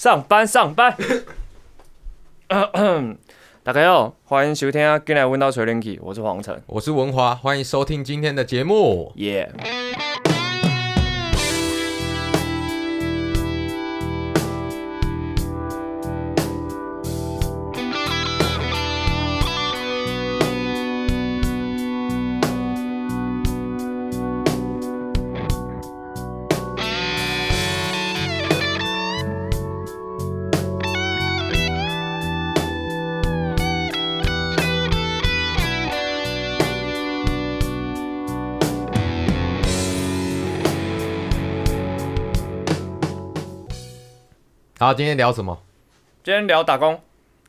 上班，上班 咳咳。大家好，歡迎收聽啊《今的問道垂林》，我是黃丞，我是文華，歡迎收聽今天的節目，耶。Yeah. 今天聊什麼？今天聊打工。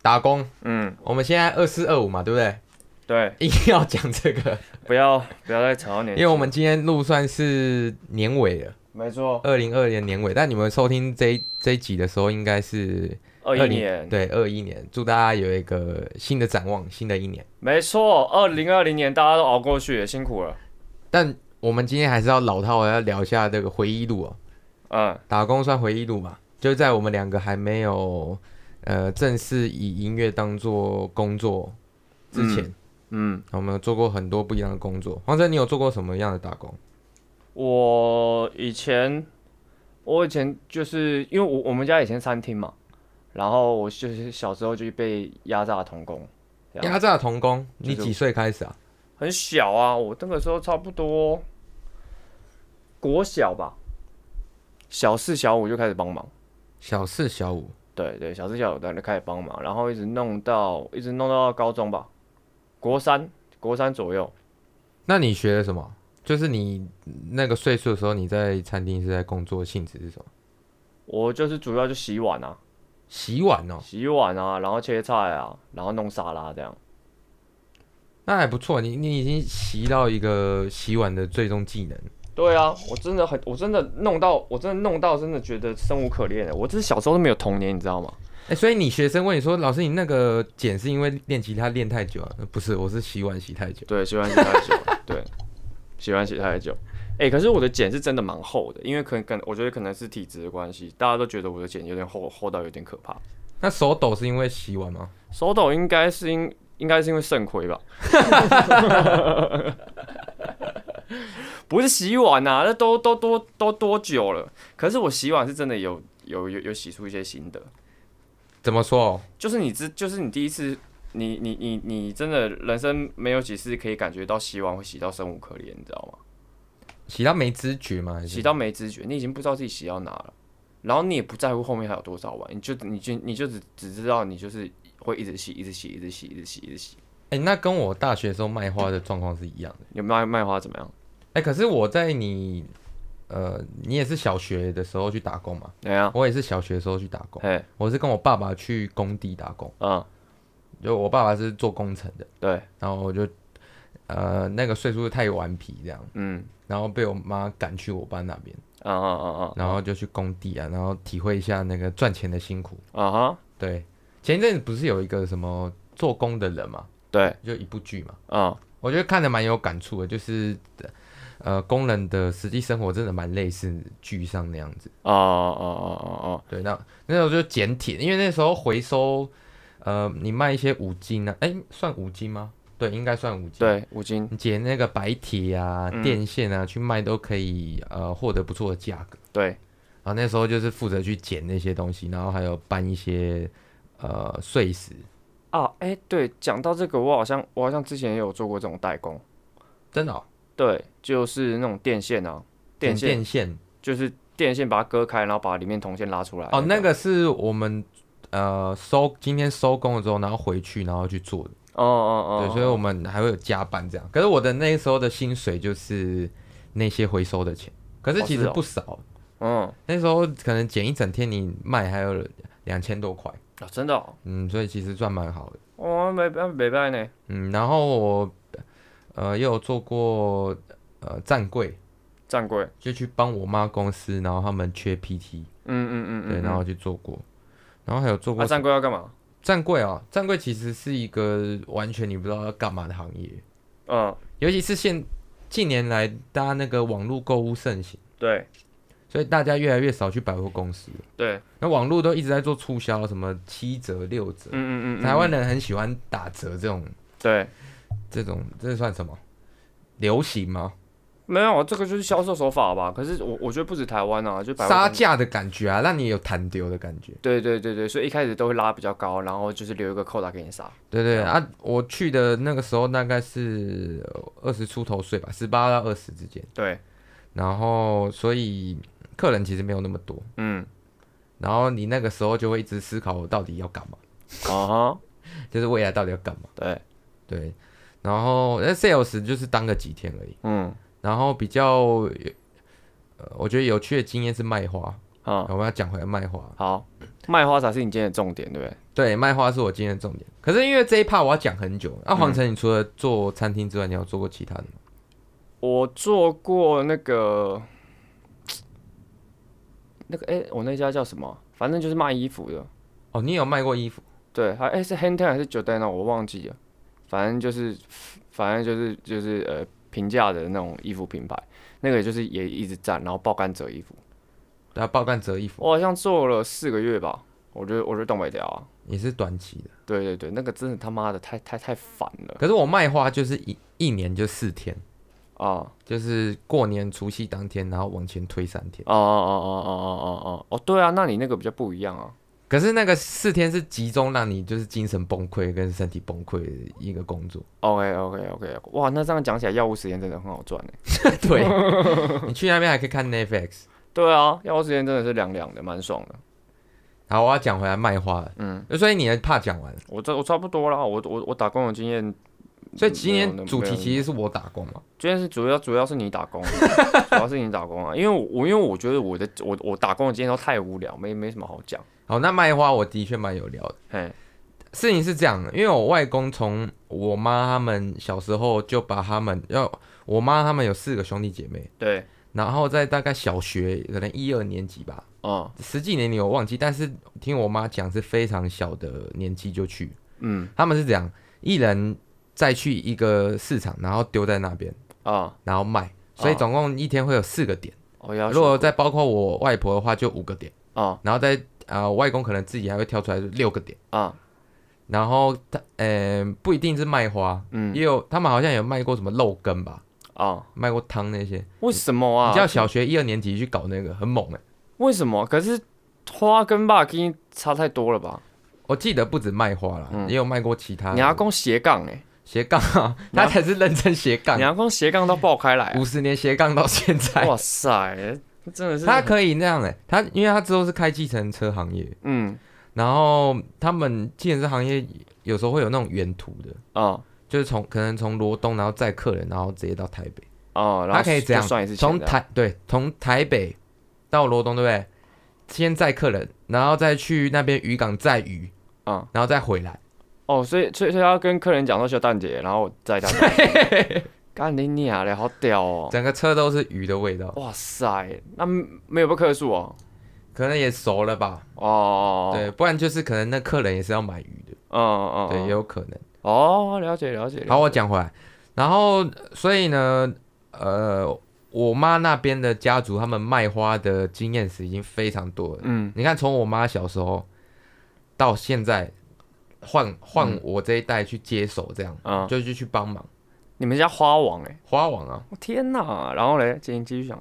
打工，嗯，我們現在二四二五嘛，對不對？對，一定要講這個，不要，不要再吵到年，因為我們今天錄算是年尾了。沒錯，二零二零年年尾，但你們收聽這這一集的時候應該是 20, 二一年。對，二一年，祝大家有一個新的展望，新的一年。沒錯，二零二零年大家都熬過去也，辛苦了。但我們今天還是要老套，要聊一下這個回憶錄哦。嗯，打工算回憶錄吧。就在我們兩個還沒有，呃，正式以音樂當做工作之前，嗯，嗯，我們有做過很多不一樣的工作。黃丞，你有做過什麼樣的打工？我以前，我以前就是因為我我們家以前餐廳嘛，然後我就是小時候就是被壓榨童工，壓榨童工，你幾歲開始啊？很小啊，我那個時候差不多國小吧，小四小五就開始幫忙。小四、小五，對對，小四、小五，然後開始幫忙，然後一直弄到一直弄到高中吧，國三、國三左右。那你學的什麼？就是你那個歲數的時候，你在餐廳是在工作性質是什麼？我就是主要就洗碗啊，洗碗哦，洗碗啊，然後切菜啊，然後弄沙拉這樣。那還不錯，你你已經習到一個洗碗的最終技能。對啊，我真的很，我真的弄到，我真的弄到，真的覺得生無可戀了。我這小時候都沒有童年，你知道嗎？哎、欸，所以你學生問你說，老師，你那個繭是因為練吉他練太久啊？不是，我是洗碗洗太久。對，洗碗洗太久。 對，洗碗洗太久。哎、欸，可是我的繭是真的蠻厚的，因為可能可能，我覺得可能是體質的關係，大家都覺得我的繭有點厚，厚到有點可怕。那手抖是因為洗碗嗎？手抖應該是因應該是因為腎虧吧。 不是洗碗啊，那都都都都都多久了？可是我洗碗是真的有有有有洗出一些心得。怎麼說？就是你知，就是你第一次，你你你你真的人生沒有幾次可以感覺到洗碗會洗到生無可戀，你知道嗎？洗到沒知覺嗎？洗到沒知覺，你已經不知道自己洗到哪了，然後你也不在乎後面還有多少碗，你就你就你就只你就只知道你就是會一直洗，一直洗，一直洗，一直洗，一直洗。哎、欸，那跟我大學的時候賣花的狀況是一樣的。你賣賣花怎麼樣？哎、欸，可是我在你，呃，你也是小學的時候去打工嘛？對有，我也是小學的時候去打工。哎，Hey. 我是跟我爸爸去工地打工。嗯，uh. 就我爸爸是做工程的。對，然後我就，呃，那個歲數太頑皮這樣。嗯，然後被我媽趕去我爸那邊。嗯，嗯，嗯，嗯，然後就去工地啊，然後體會一下那個賺錢的辛苦。啊哈、uh。Huh. 對，前一陣子不是有一個什麼做工的人嘛？對，就一部劇嘛。嗯、uh，huh. 我覺得看的蠻有感觸的，就是。呃，工人的實際生活真的蠻類似聚上那樣子。哦哦哦哦哦。對，那那時候就撿鐵，因為那時候回收，呃，你賣一些五金啊，哎、欸，算五金嗎？對，應該算五金。對，五金。你撿那個白鐵啊、嗯、電線啊去賣都可以，呃，獲得不錯的價格。對。然後那時候就是負責去撿那些東西，然後還有搬一些呃碎石。啊，哎，對，講到這個，我好像我好像之前也有做過這種代工。真的、哦？對，就是那種電線哦、啊，電線，電線就是電線，把它割開，然後把裡面銅線拉出來。哦，那個是我們呃收今天收工了之後，然後回去然後去做的。哦,哦哦哦，對，所以我們還會有加班這樣。可是我的那時候的薪水就是那些回收的錢，可是其實不少。嗯、哦哦，哦、那時候可能撿一整天，你賣還有兩千多塊啊，哦、真的、哦。嗯，所以其實賺蠻好的。哦，沒辦沒辦呢。嗯，然後我。呃，也有做過呃站櫃，站櫃，就去幫我媽公司，然後他們缺 PT，嗯嗯嗯，嗯嗯，對，然後去做過，然後還有做過站櫃要幹嘛？站櫃啊，站櫃哦，站櫃其實是一個完全你不知道要幹嘛的行業，嗯、哦，尤其是現近年來大家那個網絡購物盛行，對，所以大家越來越少去百貨公司，對，那網絡都一直在做促銷，什麼七折六折，嗯，嗯嗯嗯，台灣人很喜歡打折這種，對。這種這算什麼？流行嗎？沒有，這個就是銷售手法吧。可是我我覺得不止台灣啊，就殺價的感覺啊，讓你有彈丟的感覺。對對對對，所以一開始都會拉比較高，然後就是留一個扣打給你殺。對對，對啊，我去的那個時候大概是二十出頭歲吧，十八到二十之間。對，然後所以客人其實沒有那麼多。嗯，然後你那個時候就會一直思考，我到底要幹嘛？啊哈， 就是未來到底要幹嘛？對對。對然後，sales 就是當個幾天而已。嗯，然後比較、呃，我覺得有趣的經驗是賣花啊。嗯、我們要講回來賣花。好，賣花才是你今天的重點，對不對？對，賣花是我今天的重點。可是因為這一趴，我要講很久。啊，黃丞，你除了做餐廳之外，你有做過其他的嗎？我做過那個，那個，哎，我那家叫什麼？反正就是賣衣服的。哦，你有賣過衣服？對，還哎是 Hang Ten 還是 Giordano？我忘記了。反正就是，反正就是就是呃，平價的那種衣服品牌，那個就是也一直站，然後爆幹折衣服，然後爆幹折衣服，我好像做了四個月吧。我覺得我覺得東北調啊，也是短期的。對對對，那個真的他媽的太太太煩了。可是我賣花就是一一年就四天，啊，就是過年除夕當天，然後往前推三天。哦哦哦哦哦哦哦哦，哦對啊，那你那個比較不一樣啊。可是那個四天是集中讓你就是精神崩潰跟身體崩潰一個工作。OK OK OK，哇，那這樣講起來藥物時間真的很好賺哎。 對， 你去那邊還可以看 Netflix。對啊，藥物時間真的是涼涼的，蠻爽的。好，我要講回來賣花。嗯，所以你還怕講完？我這我差不多啦，我我我打工的經驗，所以今天主題其實是我打工嘛。今天是主要主要是你打工的， 主要是你打工啊，因為我因為我覺得我的我我打工的經驗都太無聊，沒沒什麼好講。哦，那賣花我的確蠻有聊的。嘿，事情是這樣，因為我外公從我媽他們小時候就把他們要，我媽他們有四個兄弟姐妹，對。然後在大概小學可能一二年級吧，嗯、哦，十幾年你有忘記？但是聽我媽講是非常小的年紀就去，嗯。他們是這樣，一人再去一個市場，然後丟在那邊啊，哦、然後賣，所以總共一天會有四個點。哦，要如果再包括我外婆的話，就五個點啊。哦、然後再。啊，外公可能自己還會挑出來六個點啊，然後他，嗯，不一定是賣花，嗯，也有他們好像有賣過什麼肉羹吧，啊，賣過湯那些，為什麼啊？你知道小學一二年級去搞那個很猛哎，為什麼？可是花跟肉羹差太多了吧？我記得不止賣花了，也有賣過其他。你阿公斜槓哎，斜槓啊，他才是認真斜槓。你阿公斜槓都爆開來，五十年斜槓到現在，哇塞。他真的是他可以那樣哎、欸，他因為他之後是開計程車行業，嗯，然後他們計程車行業有時候會有那種遠途的，嗯、哦，就是從可能從羅東然後載客人，然後直接到台北，哦，他可以這樣算一次，從台對，從台北到羅東對不對？先載客人，然後再去那邊漁港載魚，啊、嗯，然後再回來，哦，所以所以所以他跟客人講說要淡季，然後再加錢。 幹你娘嘞，好屌哦！整個車都是魚的味道。哇塞，那沒有不客訴哦？可能也熟了吧？哦，oh. 對，不然就是可能那客人也是要買魚的。嗯、oh. 對，也有可能。哦、oh.，了解了解。好，我講回來，然後所以呢，呃，我媽那邊的家族，他們賣花的經驗是已經非常多了。嗯，你看，從我媽小時候到現在，換換我這一代去接手，這樣、嗯、就就去幫忙。你們家花王哎，花王啊！我天哪！然後嘞，接繼續講，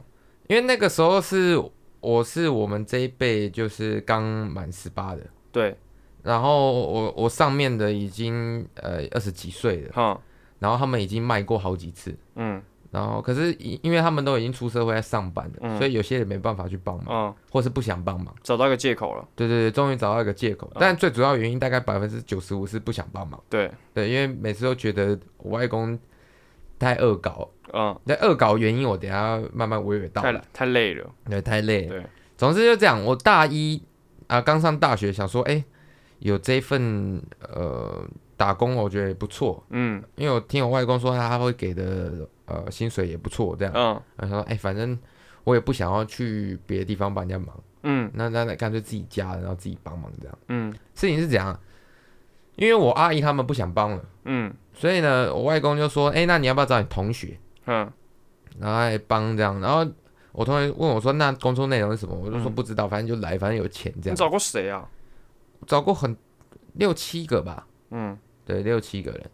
因為那個時候是我是我們這一輩就是剛滿十八的，對。然後我我上面的已經呃二十幾歲了，然後他們已經賣過好幾次，嗯。然後可是因因為他們都已經出社會在上班了，所以有些人沒辦法去幫忙，或是不想幫忙，找到一個借口了。對對對，終於找到一個借口。但最主要原因大概百分之九十五是不想幫忙。對對，因為每次都覺得我外公。太惡搞，嗯、哦，那惡搞原因我等下慢慢娓娓道來。太，太累了，對，太累了，對，總之就這樣。我大一啊，剛上大學，想說，哎、欸，有這份呃打工，我覺得也不錯，嗯，因為我聽我外公說，他會給的呃薪水也不錯，這樣，嗯，然後想說、欸，反正我也不想要去別的地方幫人家忙，嗯，那那那乾脆自己家，然後自己幫忙這樣，嗯，事情是怎樣？因為我阿姨他們不想幫了，嗯，所以呢，我外公就說：“哎、欸，那你要不要找你同學？嗯，然後來幫這樣。然後我同學問我說：‘那工作內容是什麼？’嗯、我就說不知道，反正就來，反正有錢這樣。你找過誰啊？找過很六七個吧，嗯，對，六七個人，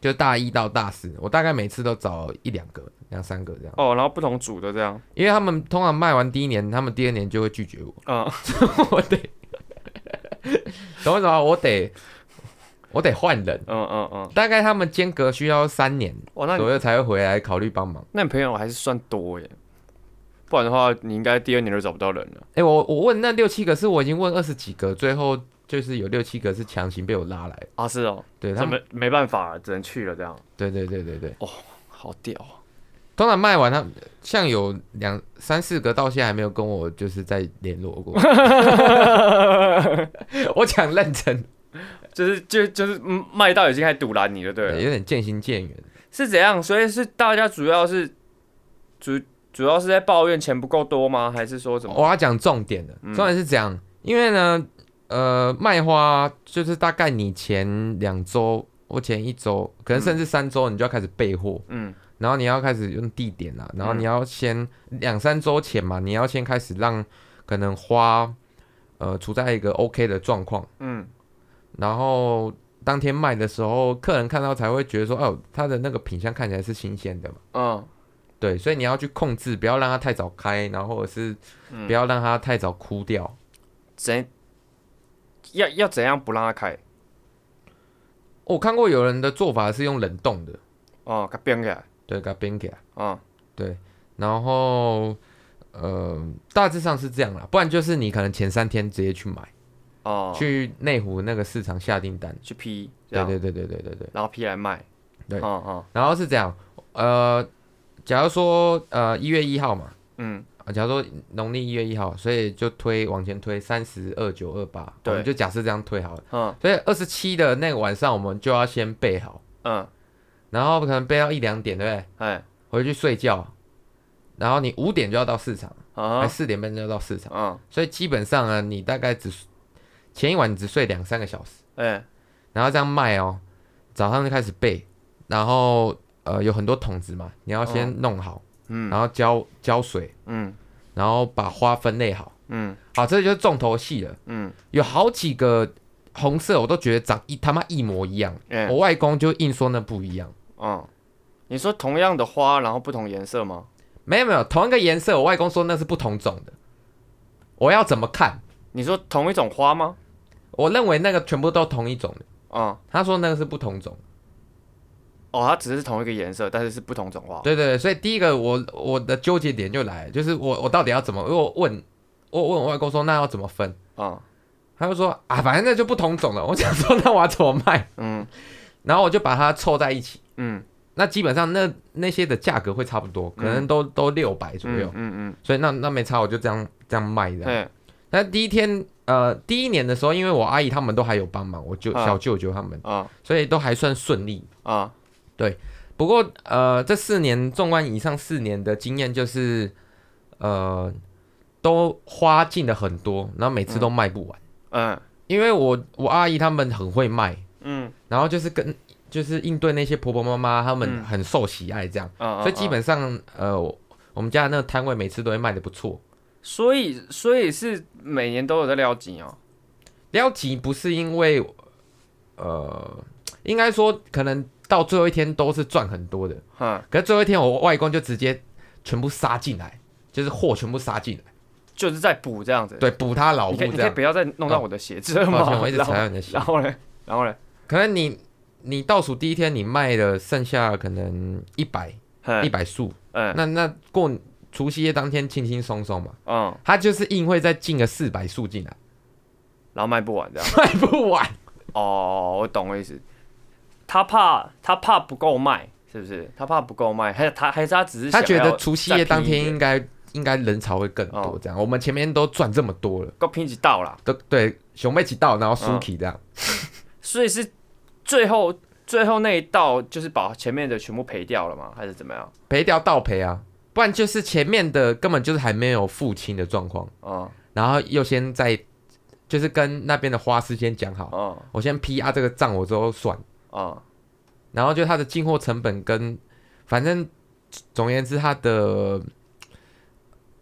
就大一到大四，我大概每次都找一兩個、兩三個這樣。哦，然後不同組的這樣。因為他們通常賣完第一年，他們第二年就會拒絕我。啊、嗯，所以我得，等會 為什麼，我得。我得換人，嗯嗯嗯，嗯嗯大概他們間隔需要三年，哇，那左右才會回來考慮幫忙。那你朋友還是算多耶，不然的話，你應該第二年都找不到人了。哎、欸，我我問那六七個是我已經問二十幾個，最後就是有六七個是強行被我拉來啊，是哦，對他們沒，沒辦法了，只能去了這樣。對對對對對，哦，好屌啊！當然賣完了，像有兩三四個到現在還沒有跟我就是在聯絡過， 我講認真。就是就就是賣到已經開始賭爛你了，對，有點漸行漸遠。是怎樣？所以是大家主要是主主要是在抱怨錢不夠多嗎？還是說什麼？我要講重點的，重點、嗯、是這樣，因為呢，呃，賣花就是大概你前兩週或前一週，可能甚至三週，你就要開始備貨，嗯，然後你要開始用地點了、啊，然後你要先兩三週前嘛，你要先開始讓可能花呃處在一個 OK 的狀況，嗯。然後當天賣的時候，客人看到才會覺得說，哦、哎，它的那個品相看起來是新鮮的嘛。嗯，對，所以你要去控制，不要讓它太早開，然後或者是、嗯、不要讓它太早枯掉。怎，要要怎樣不讓它開、哦？我看過有人的做法是用冷凍的。哦，給它冰起來。對，給它冰起來。嗯，對。然後，呃，大致上是這樣啦，不然就是你可能前三天直接去買。哦，去內湖那個市場下訂單，去批，對對對對對對對，然後批來賣，對，嗯嗯，然後是這樣，呃，假如說呃一月一號嘛，嗯，啊假如說農曆一月一號，所以就推往前推三十二九二八，對，就假設這樣推好了，嗯，所以二十七的那個晚上我們就要先備好，嗯，然後可能備到一兩點對不對？哎，回去睡覺，然後你五點就要到市場，啊，四點半就要到市場，嗯，所以基本上呢，你大概只。前一晚你只睡兩三個小時，欸、然後這樣賣哦，早上就開始備，然後呃有很多桶子嘛，你要先弄好，嗯，然後澆澆水，嗯，然後把花分類好，嗯，好、啊，這就是重頭戲了，嗯，有好幾個紅色，我都覺得長一他媽一模一樣，欸、我外公就硬說那不一樣，嗯，你說同樣的花，然後不同顏色嗎？沒有沒有，同一個顏色，我外公說那是不同種的，我要怎麼看？你說同一種花嗎？我認為那個全部都同一種的，嗯，uh, 他說那個是不同種，哦，它只是同一個顏色，但是是不同種花。對對對，所以第一個我我的糾結點就來了，就是我我到底要怎麼？我問我問我外公說，那要怎麼分啊？Uh, 他就說啊，反正那就不同種了。我想說，那我要怎麼賣？嗯，然後我就把它湊在一起，嗯，那基本上那那些的價格會差不多，可能都都六百左右，嗯嗯，嗯嗯嗯，所以那那沒差，我就這樣這樣賣的。哎對，那第一天。呃，第一年的時候，因為我阿姨他們都還有幫忙，我舅、啊、小舅舅他們啊，所以都還算順利啊。對，不過呃，這四年，縱觀以上四年的經驗，就是呃，都花盡了很多，然後每次都賣不完。嗯，啊、因為我我阿姨他們很會賣，嗯，然後就是跟就是應對那些婆婆媽媽，他們很受喜愛這樣，嗯啊、所以基本上呃我，我們家那個攤位每次都會賣得不錯。所以，所以是每年都有在撩集哦。撩集不是因為，呃，應該說可能到最後一天都是賺很多的。嗯。可是最後一天我外公就直接全部殺進來，就是貨全部殺進來，就是在補這樣子。對，補他老公。你你不要再弄到我的鞋子了嗎、啊、抱歉，我一直踩到你的鞋然。然後呢？然後呢？可能你你倒數第一天你賣了剩下了可能一百一百束。嗯，素嗯那那過。除夕夜當天，輕輕鬆鬆嘛，嗯，他就是硬會再進個四百數進來，然後賣不完這樣，賣不完。哦，我懂的意思。他怕他怕不夠賣，是不是？他怕不夠賣，還他還是他只是想要他覺得除夕夜當天應該應該人潮會更多這樣。嗯，我們前面都賺這麼多了，夠拼幾道了。都對，熊妹幾道，然後輸掉這樣，嗯，所以是最後最後那一道就是把前面的全部賠掉了嗎？還是怎麼樣？賠掉倒賠啊。不然就是前面的根本就是還沒有付清的狀況，哦，然後又先在就是跟那邊的花師先講好，嗯、哦，我先 P 壓這個賬，我之後算，哦，然後就他的進貨成本跟反正總言之他的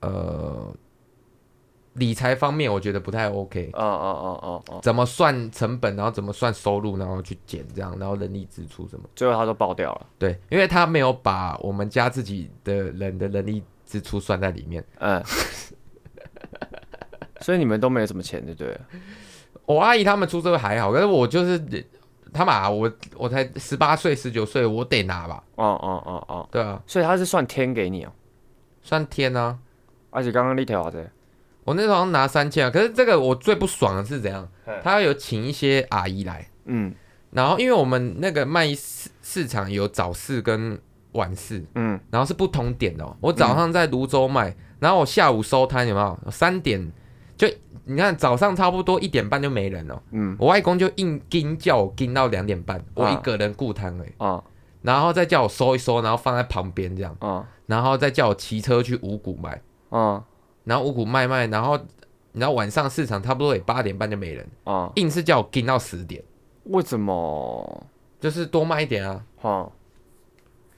呃。理財方面，我覺得不太 OK。哦哦哦哦哦，怎麼算成本，然後怎麼算收入，然後去減這樣，然後人力支出什麼，最後他都爆掉了。對，因為他沒有把我們家自己的人的人力支出算在裡面。嗯， 所以你們都沒有什麼錢就對了，對不對？我阿姨他們出這個還好，可是我就是他嘛我，我我才十八歲十九歲，我得拿吧。哦哦哦哦，對啊，所以他是算天給你哦、喔，算天啊。而且剛剛那條的我那時候好像拿三千啊，可是這個我最不爽的是怎樣？他有請一些阿姨來，嗯，然後因為我們那個賣市市場有早市跟晚市，嗯，然後是不同點的、哦。我早上在蘆洲賣，然後我下午收攤，有沒有？三點就你看早上差不多一點半就沒人了，嗯，我外公就硬盯叫我盯到兩點半，啊、我一個人顧攤了、啊、然後再叫我收一收，然後放在旁邊這樣、啊、然後再叫我騎車去五股賣、啊然後五谷賣賣，然後，你知道晚上市場差不多也八點半就沒人啊，嗯、硬是叫我盯到十點。為什麼？就是多賣一點啊。嗯、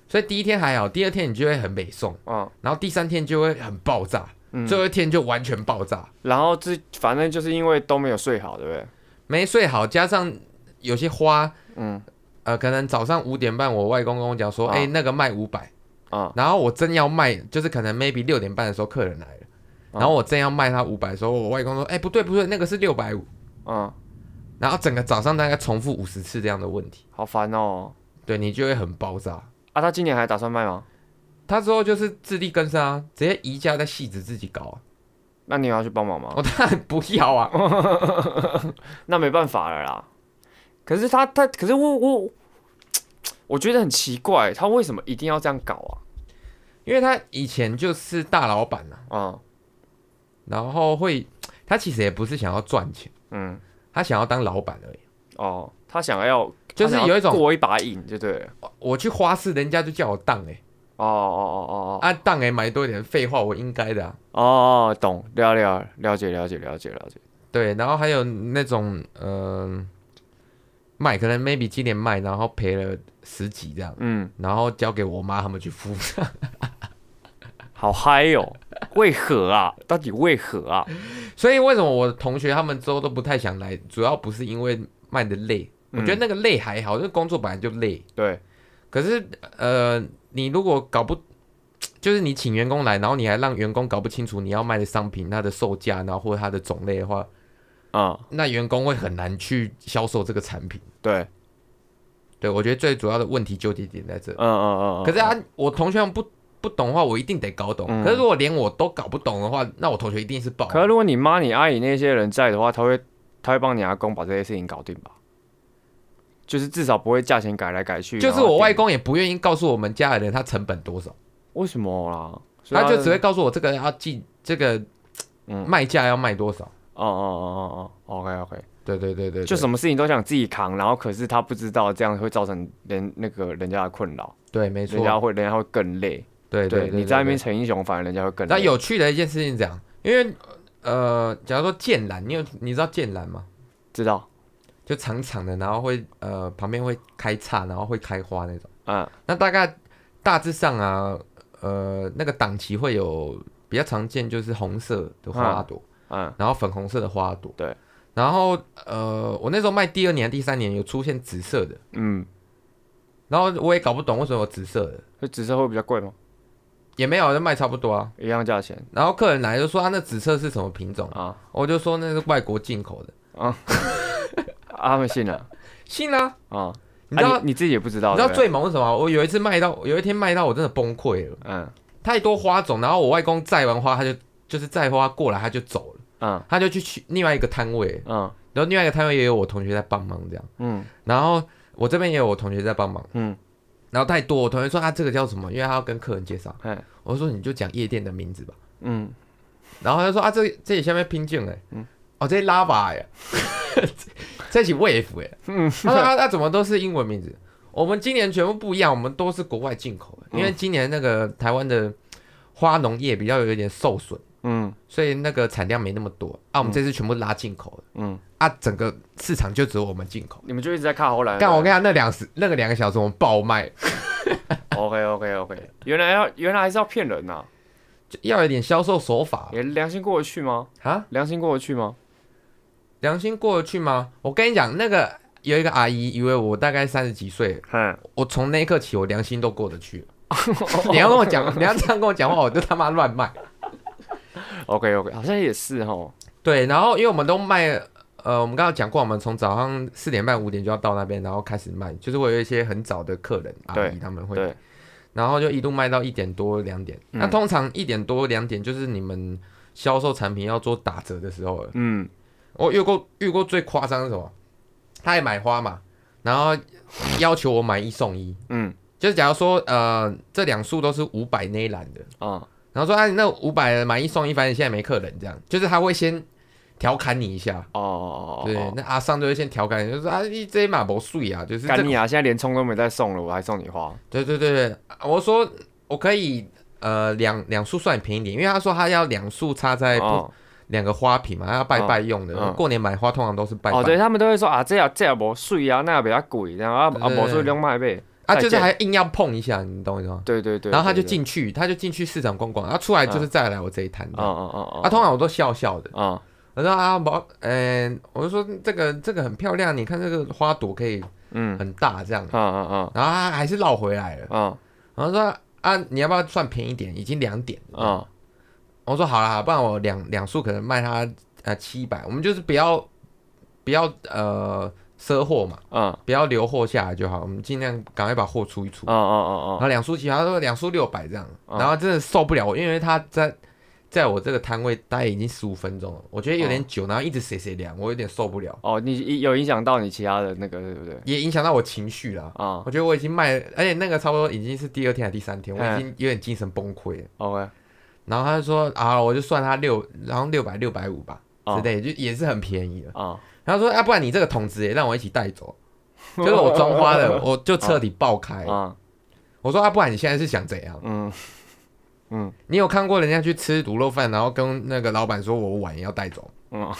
所以第一天還好，第二天你就會很美送，嗯，然後第三天就會很爆炸，嗯、最後一天就完全爆炸。然後這反正就是因為都沒有睡好，對不對？沒睡好，加上有些花，嗯，呃，可能早上五點半我外公公講說，哎、嗯，欸，那個賣五百、嗯、然後我真要賣，就是可能 maybe 六點半的時候客人來了。然後我正要賣他五百的時候，我外公說：“哎、欸，不對不對，那個是六百五。嗯”然後整個早上大概重複五十次這樣的問題，好煩哦。對，你就會很爆炸啊！他今年還打算賣嗎？他之後就是自力更生啊，直接移家在汐止自己搞，啊。那你有要去幫忙嗎？我當然不要啊。 那沒辦法了啦。可是他他可是我我我覺得很奇怪，他為什麼一定要這樣搞啊？因為他以前就是大老闆了，啊，嗯。然後會，他其實也不是想要賺錢，嗯，他想要當老闆而已。哦，他想要就是要一就有一種過一把癮，就對，我去花市，人家就叫我當哎、欸。哦哦哦哦哦，啊當哎買多一點廢，廢話我應該的、啊。哦哦，懂，了解了解了解了解了解，了解了解對。然後還有那種，嗯、呃，買可能 maybe 今年賣然後賠了十幾這樣，嗯，然後交給我媽他們去付， 好嗨哦。為何啊？到底為何啊？所以為什麼我同學他們之後都不太想來？主要不是因為賣的累，我覺得那個累還好，嗯、因為工作本來就累。對。可是呃，你如果搞不，就是你請員工來，然後你還讓員工搞不清楚你要賣的商品它的售價，然後或者它的種類的話，啊、嗯，那員工會很難去銷售這個產品。對。對，我覺得最主要的問題就這點在這裡嗯。嗯嗯嗯。可是啊，嗯、我同學們不。不懂的話，我一定得搞懂。嗯、可是如果連我都搞不懂的話，那我同學一定是爆。可是如果你媽、你阿姨那些人在的話，他會他會幫你阿公把這些事情搞定吧？就是至少不會價錢改來改去。就是我外公也不願意告訴我們家裡人他成本多少。為什麼啦？他，他就只會告訴我這個要進，這個嗯賣價要賣多少。哦哦哦哦哦。OK OK。對對對對。就什麼事情都想自己扛，然後可是他不知道這樣會造成人那個人家的困擾。對，沒錯。人家會，人家會更累。對對，對，你在那邊逞英雄，反而人家會更。那有趣的一件事情是這樣，因為呃，假如說劍蘭，你有你知道劍蘭嗎？知道，就長長的，然後會呃旁邊會開叉，然後會開花那種。嗯。那大概大致上啊，呃那個檔期會有比較常見就是紅色的花朵，嗯，嗯然後粉紅色的花朵。對。然後呃，我那時候賣第二年、第三年有出現紫色的，嗯。然後我也搞不懂為什麼有紫色的。會紫色會比較貴嗎？也沒有，就賣差不多啊，一樣價錢。然後客人來就說他那紫色是什麼品種啊？我就說那是外國進口的。嗯，他們信了，信啦。啊，你知道你自己也不知道。你知道最猛是什麼？我有一次賣到有一天賣到我真的崩潰了。嗯，太多花種。然後我外公載完花，他就就是載花過來，他就走了。嗯，他就去取另外一個攤位。嗯，然後另外一個攤位也有我同學在幫忙，這樣。嗯，然後我這邊也有我同學在幫忙。嗯。然後太多，我同學說啊，這個叫什麼？因為他要跟客人介紹。嘿我就說你就講夜店的名字吧。嗯，然後他就說啊，這這下面拼接了。這也嗯、哦，這拉巴哎，這是 wave 哎。他說他那怎麼都是英文名字？ 我們今年全部不一樣，我們都是國外進口的，因為今年那個、嗯、台灣的花農業比較有一點受損。嗯，所以那個產量沒那麼多啊，我們這次全部拉進口。嗯，啊，整個市場就只有我們進口。你們就一直在看後來。但我跟你講，那兩時那個兩個小時我們爆賣。OK OK OK，原來要原來還是要騙人吶，要有點銷售手法，良心過得去嗎？啊，良心過得去嗎？良心過得去嗎？我跟你講，那個有一個阿姨以為我大概三十幾歲，嗯，我從那一刻起，我良心都過得去。你要跟我講，你要這樣跟我講話，我就他媽亂賣。OK OK，好像也是哦。對，然後因為我們都賣，呃，我們剛剛講過，我們從早上四點半五點就要到那邊，然後開始賣。就是會有一些很早的客人阿姨他們會，對對，然後就一度賣到一點多兩點。嗯，那通常一點多兩點就是你們銷售產品要做打折的時候了。嗯，我遇過遇過最誇張是什麼？他也買花嘛，然後要求我買一送一。嗯，就是假如說呃這兩束都是五百內籃的啊。哦。然後說啊，那五百買一送一，反正現在沒客人，這樣。就是他會先調侃你一下哦，哦。哦哦哦哦、對，那阿桑就會先調侃你，就說啊，你這些買不碎啊，就是幹、這個、你啊，現在連蔥都沒再送了，我還送你花。對對對對，我說我可以呃兩兩束算便宜一點，因為他說他要兩束插在兩、哦哦、個花瓶嘛，他要拜拜用的。哦哦過年買花通常都是拜、拜的。拜。哦，對他們都會說啊，這啊、這啊、這啊，這、這樣這樣、啊、不碎啊，那樣比較貴，然後啊啊，不碎兩買唄。啊，就是還硬要碰一下，你懂我意思嗎？對，對對對，然後他就進去，他就進去市場逛逛，然後出來就是再來我這一攤的。啊啊啊啊！啊，通常我都笑笑的啊，uh, 我說啊寶，嗯，我就說這個這個很漂亮，你看這個花朵可以，嗯，很大這樣。啊啊啊！然後他還是繞回來了 uh, uh, uh. 啊，然後說啊，你要不要算便宜一點？已經兩點啊。Uh, 我說好了，不然我兩兩束可能賣他呃七百，啊、700, 我們就是不要不要呃。賒貨嘛，嗯，不要留貨下來就好，我們儘量趕快把貨出一出。嗯嗯嗯嗯、然後兩叔其他，他都兩叔六百這樣，嗯、然後真的受不了，因為他在在我這個攤位待已經十五分鐘了，我覺得有點久，哦、然後一直誰誰涼，我有點受不了。哦，你有影響到你其他的那個對不對？也影響到我情緒了啊！嗯、我覺得我已經賣，而且那個差不多已經是第二天還是第三天，我已經有點精神崩潰了。OK，、欸、然後他就說啊，我就算他六，然後六百六百五吧，哦、之類就也是很便宜了啊。嗯嗯他說、啊：“要不然你這個桶子也讓我一起帶走，就是我裝花的，我就徹底爆開。”我說：“啊，不然你現在是想怎樣？”嗯嗯，你有看過人家去吃滷肉飯，然後跟那個老板說我碗要帶走，嗯，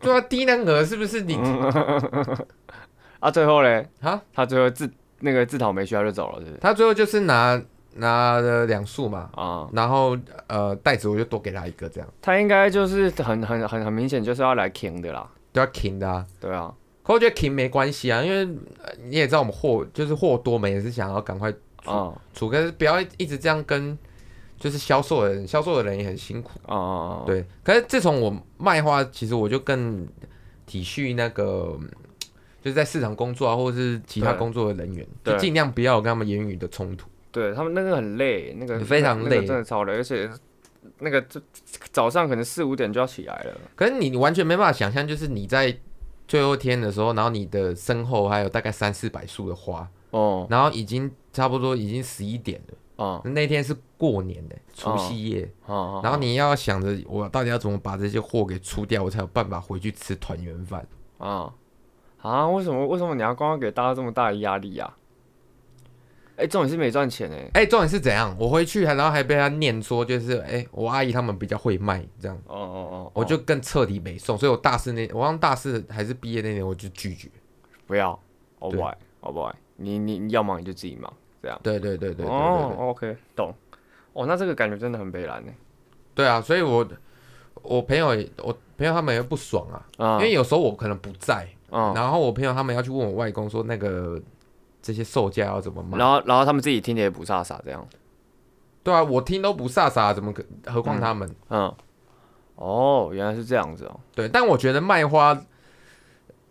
就他、啊、低能兒是不是你？啊，啊，最後呢？他最後自那個自討沒趣，他就走了，是不是？他最後就是拿拿了兩束嘛，啊，然後呃袋子我就多給他一個，這樣。他應該就是很很很很明顯就是要來 king 的啦。都要停的，啊，對啊。可我覺得停沒關係啊，因為你也知道我們貨就是貨多嘛，也是想要趕快出、嗯、可是不要一直這樣跟，就是銷售的人，銷售的人也很辛苦啊。嗯嗯嗯對，可是自從我賣花，其實我就更體恤那個，就是在市場工作啊，或者是其他工作的人員，對就盡量不要跟他們言語的衝突。對，他們那個很累，那個、那個、非常累，真的超累，而且。那個就早上可能四五點就要起來了，可是你你完全沒辦法想象，就是你在最後天的時候，然後你的身後還有大概三四百束的花哦，然後已經差不多已經十一點了哦，嗯、那天是過年的除夕夜哦，然後你要想着我到底要怎麼把這些貨給出掉，我才有辦法回去吃團圓飯啊啊！為什麼為什麼你要剛剛給大家這麼大的壓力呀、啊？哎，重點是沒賺錢哎、欸！哎，重點是怎樣？我回去還，然後還被他念說，就是哎，我阿姨他們比較會賣這樣。哦哦哦，我就更徹底沒送。所以我大四那，我剛大四還是畢業那年，我就拒絕，不要，好不好，好不好，你你,你要忙你就自己忙，這樣。對對,對對對對對。哦、oh,，OK，懂。哦、oh,，那這個感覺真的很悲涼呢。對啊，所以我我朋友，我朋友他們也不爽啊，嗯、因為有時候我可能不在，嗯、然後我朋友他們要去問我外公說那個。這些售價要怎麼賣？然後，然後他們自己聽的也不差啥這樣。對啊，我聽都不差啥，怎麼可？何況他們嗯？嗯。哦，原來是這樣子哦。對，但我覺得賣花，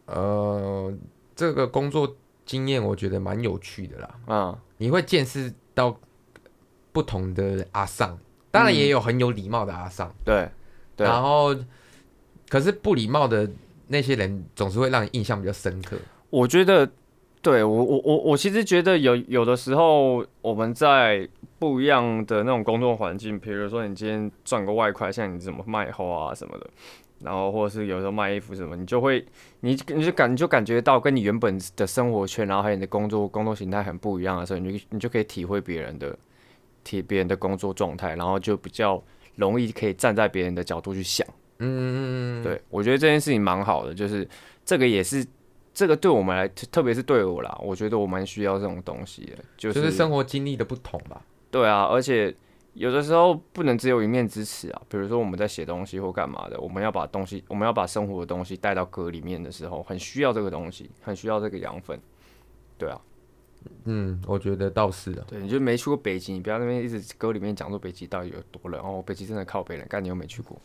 呃，這個工作經驗我覺得蠻有趣的啦。嗯，你會見識到不同的阿桑，當然也有很有禮貌的阿桑。對對。嗯、然後，可是不禮貌的那些人總是會讓你印象比較深刻，我覺得。對，我我我我其實覺得有有的時候我們在不一樣的那種工作環境，比如說你今天賺個外快，像你怎麼賣花啊什麼的，然後或者是有時候賣衣服什麼，你就會你你就感你就感覺到跟你原本的生活圈，然後還有你的工作工作形態很不一樣的時候，你就你就可以體會別人的體別人的工作狀態，然後就比較容易可以站在別人的角度去想。嗯嗯嗯，對我覺得這件事情蠻好的，就是這個也是。這個對我們來，特別是對我啦，我覺得我蠻需要這種東西的，就是，就是生活經歷的不同吧。對啊，而且有的時候不能只有一面之詞啊。比如說我們在寫東西或幹嘛的，我們要把東西，我們要把生活的東西帶到歌裡面的時候，很需要這個東西，很需要這個養分。對啊，嗯，我覺得倒是的。對，你就沒去過北極，你不要那邊一直歌裡面講說北極到底有多冷哦，然後北極真的靠北了，但你又沒去過，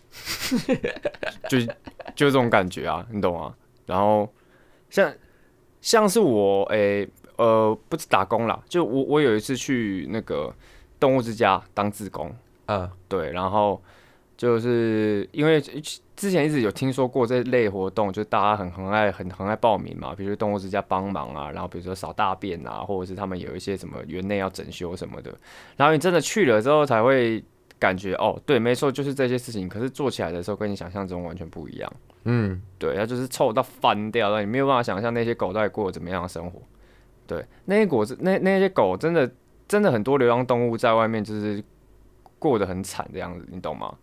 就就這種感覺啊，你懂啊？然後。像像是我誒、欸、呃，不是打工啦，就我我有一次去那個動物之家當志工，啊、嗯，對，然後就是因為之前一直有聽說過這類活動，就大家很愛很愛很很愛報名嘛，比如動物之家幫忙啊，然後比如說掃大便啊，或者是他們有一些什麼園內要整修什麼的，然後你真的去了之後才會感覺哦，對，沒錯，就是這些事情，可是做起來的時候跟你想象中完全不一樣。嗯，對，它就是臭到翻掉了，讓你沒有辦法想象那些狗在過怎麼樣的生活。對，那些狗子，那那些狗真的真的很多流浪動物在外面就是過得很慘的樣子，你懂嗎？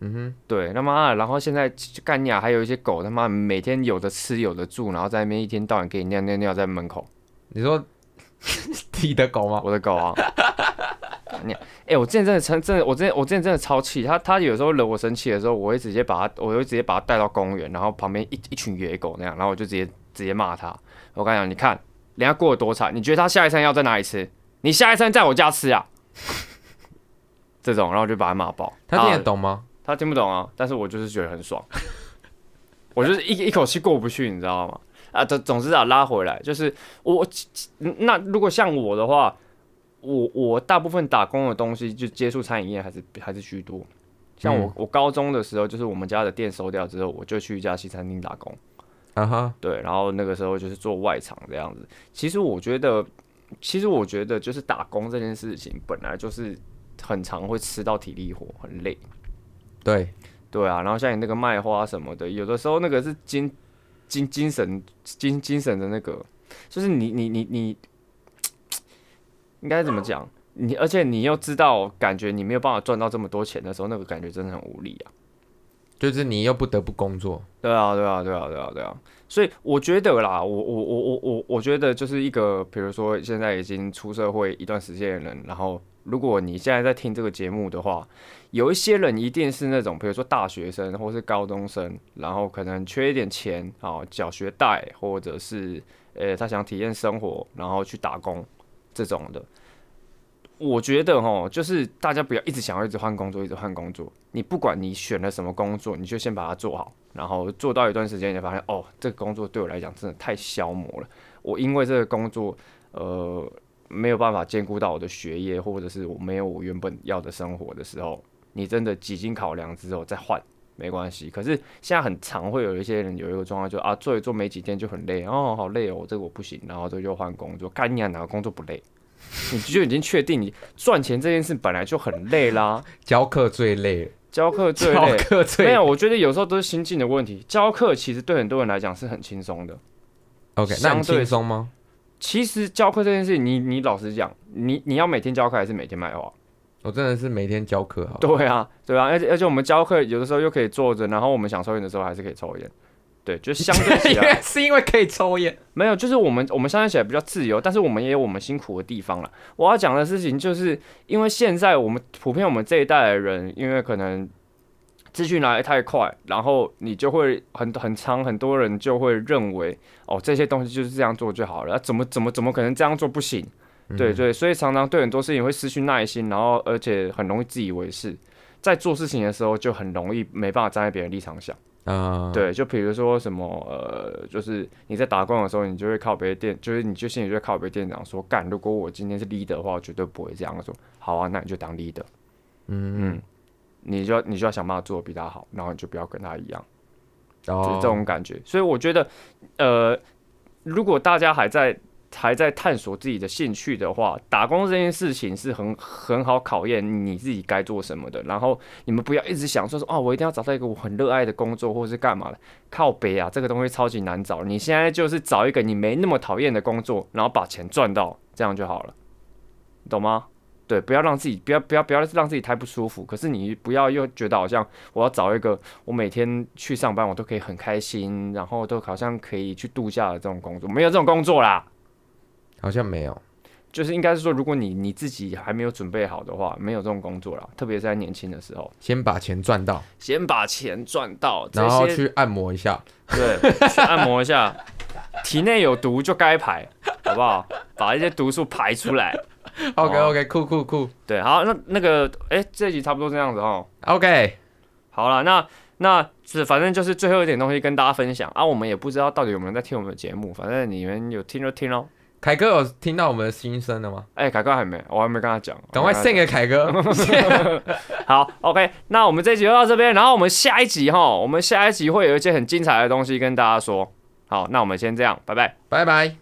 嗯哼，對，他媽的，然後現在干尼、啊、還有一些狗，他媽、啊、每天有的吃有的住，然後在那邊一天到晚給你尿尿尿在門口。你說 你的狗嗎？我的狗啊。 你哎、欸，我之前真的真真的，我之前我之前真的超氣他。他有時候惹我生氣的時候，我會直接把他，我會直接把他帶到公園，然後旁邊一一群野狗那樣，然後我就直接直接罵他。我跟你講，你看人家過得多慘，你覺得他下一餐要在哪裡吃？你下一餐在我家吃啊？ 這種，然後我就把他罵爆。他聽得懂嗎他？他聽不懂啊，但是我就是覺得很爽， 我就是一一口氣過不去，你知道嗎？啊，總總之要拉回來。就是我，那如果像我的話。我我大部分打工的東西就接觸餐飲業還是還是居多，像我、嗯、我高中的時候就是我們家的店收掉之後，我就去一家西餐廳打工，啊哈，對，然後那個時候就是做外場這樣子。其實我覺得，其實我覺得就是打工這件事情本來就是很常會吃到體力活，很累。對，對啊，然後像你那個賣花什麼的，有的時候那個是精精精神精精神的那個，就是你你你你。你你應該怎麼講？你而且你又知道，感覺你沒有辦法賺到這麼多錢的時候，那個感覺真的很無力啊！就是你又不得不工作。對啊，對啊，對啊，對啊，對啊！所以我覺得啦，我我我我我我覺得，就是一個比如說現在已經出社會一段時間的人，然後如果你現在在聽這個節目的話，有一些人一定是那種，比如說大學生或是高中生，然後可能缺一點錢啊，繳學貸，或者是呃、欸，他想體驗生活，然後去打工。這種的，我覺得哦，就是大家不要一直想要一直換工作，一直換工作。你不管你選了什麼工作，你就先把它做好，然後做到一段時間，你就發現哦，這個工作對我來講真的太消磨了。我因為這個工作，呃，沒有辦法兼顧到我的學業，或者是我沒有我原本要的生活的時候，你真的幾經考量之後再換。沒關係，可是現在很常會有一些人有一個狀況，就啊，做一做沒幾天就很累哦，好累哦，這個我不行，然後就又換工作。看你哪、啊、個工作不累，你就已經確定你賺錢這件事本來就很累啦、啊。 教課最累，教課最累，最累沒有，我覺得有時候都是心境的問題。教課其實對很多人來講是很輕鬆的，OK，對那輕鬆嗎？其實教課這件事你你老實講，你你要每天教課還是每天賣畫？我真的是每天教課好對啊，對啊，對吧？而且而且我們教課有的時候又可以坐着，然後我們想抽菸的時候還是可以抽菸，對，就相對起來 是因為可以抽菸，沒有，就是我們我們相對起來比較自由，但是我們也有我們辛苦的地方啦。我要講的事情就是因為現在我們普遍我們這一代的人，因為可能資訊來得太快，然後你就會很很長，很多人就會認為哦這些東西就是這樣做就好了，啊、怎麼怎麼怎麼可能這樣做不行？對對，所以常常對很多事情會失去耐心，然後而且很容易自以為是，在做事情的時候就很容易沒辦法站在別人立場想。嗯、對，就比如說什麼呃，就是你在打工的時候，你就會靠別的店，就是你就心裡就會靠別的店長說幹，an, 如果我今天是 leader 的話，我絕對不會這樣說。好啊，那你就當 leader。嗯嗯，你就要你就要想辦法做得比他好，然後你就不要跟他一樣，就是這種感覺。哦、所以我覺得，呃，如果大家還在。還在探索自己的興趣的話，打工這件事情是很很好考驗你自己該做什麼的。然後你們不要一直想說哦、啊，我一定要找到一個我很熱愛的工作，或者是幹嘛的。靠北啊，這個東西超級難找。你現在就是找一個你沒那麼討厭的工作，然後把錢賺到，這樣就好了，懂嗎？對，不要讓自己不要不要不要讓自己太不舒服。可是你不要又覺得好像我要找一個我每天去上班我都可以很開心，然後都好像可以去度假的這種工作，沒有這種工作啦。好像沒有，就是應該是說，如果你你自己還沒有準備好的話，沒有這種工作啦，特別是在年輕的時候，先把錢賺到，先把錢賺到，然後去按摩一下，對，按摩一下， 體內有毒就該排，好不好？把一些毒素排出來。 哦、OK OK，酷酷酷，酷對，好，那那個，哎、欸，這一集差不多這樣子哦。OK，好了，那那是反正就是最後一點東西跟大家分享啊，我們也不知道到底有沒有在聽我們的節目，反正你們有聽就聽咯。凱哥有聽到我們的心聲了嗎？哎、欸，凱哥還沒，我還沒跟他講，趕快 send 給凱哥。 好，OK，那我們這集就到這邊，然後我們下一集哈，我們下一集會有一些很精彩的東西跟大家說。好，那我們先這樣，拜拜，拜拜。